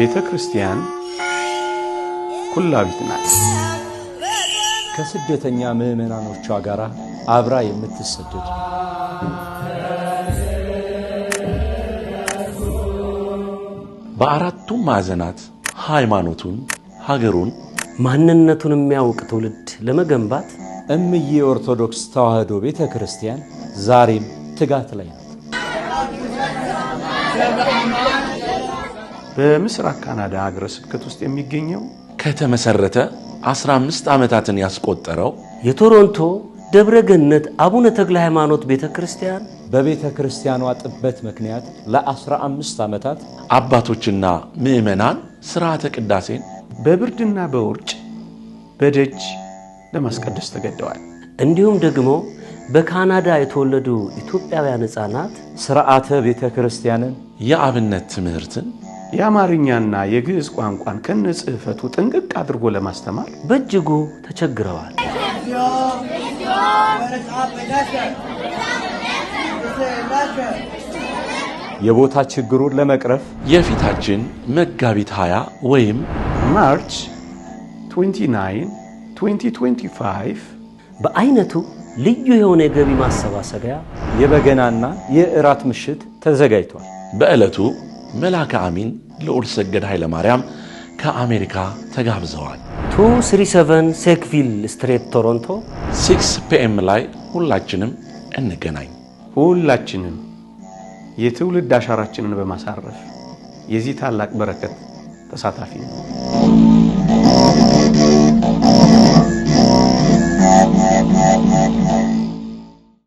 ቤተ ክርስቲያን ኩላዊት ናት። ከስደተኛ ምዕመናኖቿ ጋር አብራ የምትሰደድ በአራቱም ማዕዘናት ሃይማኖቱን፣ ሀገሩን፣ ማንነቱን የሚያውቅ ትውልድ ለመገንባት እምዬ ኦርቶዶክስ ተዋህዶ ቤተ ክርስቲያን ዛሬም ትጋት ላይ ናት። በምስራቅ ካናዳ ሀገረ ስብከት ውስጥ የሚገኘው ከተመሰረተ 15 ዓመታትን ያስቆጠረው የቶሮንቶ ደብረ ገነት አቡነ ተክለ ሃይማኖት ቤተ ክርስቲያን በቤተ ክርስቲያኗ ጥበት ምክንያት ለ15 ዓመታት አባቶችና ምዕመናን ስርዓተ ቅዳሴን በብርድና በውርጭ በደጅ ለማስቀደስ ተገደዋል። እንዲሁም ደግሞ በካናዳ የተወለዱ ኢትዮጵያውያን ሕፃናት ስርዓተ ቤተ ክርስቲያንን፣ የአብነት ትምህርትን የአማርኛና የግዕዝ ቋንቋን ከነ ጽሕፈቱ ጥንቅቅ አድርጎ ለማስተማር በእጅጉ ተቸግረዋል። የቦታ ችግሩን ለመቅረፍ የፊታችን መጋቢት 20 ወይም ማርች 29 2025 በአይነቱ ልዩ የሆነ የገቢ ማሰባሰቢያ የበገናና የእራት ምሽት ተዘጋጅቷል። በዕለቱ መልአከ አሚን ልዑል ሰገድ ኃይለማርያም ከአሜሪካ ተጋብዘዋል። 237 ሴክቪል ስትሬት ቶሮንቶ 6 ፒኤም ላይ ሁላችንም እንገናኝ። ሁላችንም የትውልድ አሻራችንን በማሳረፍ የዚህ ታላቅ በረከት ተሳታፊ ነው።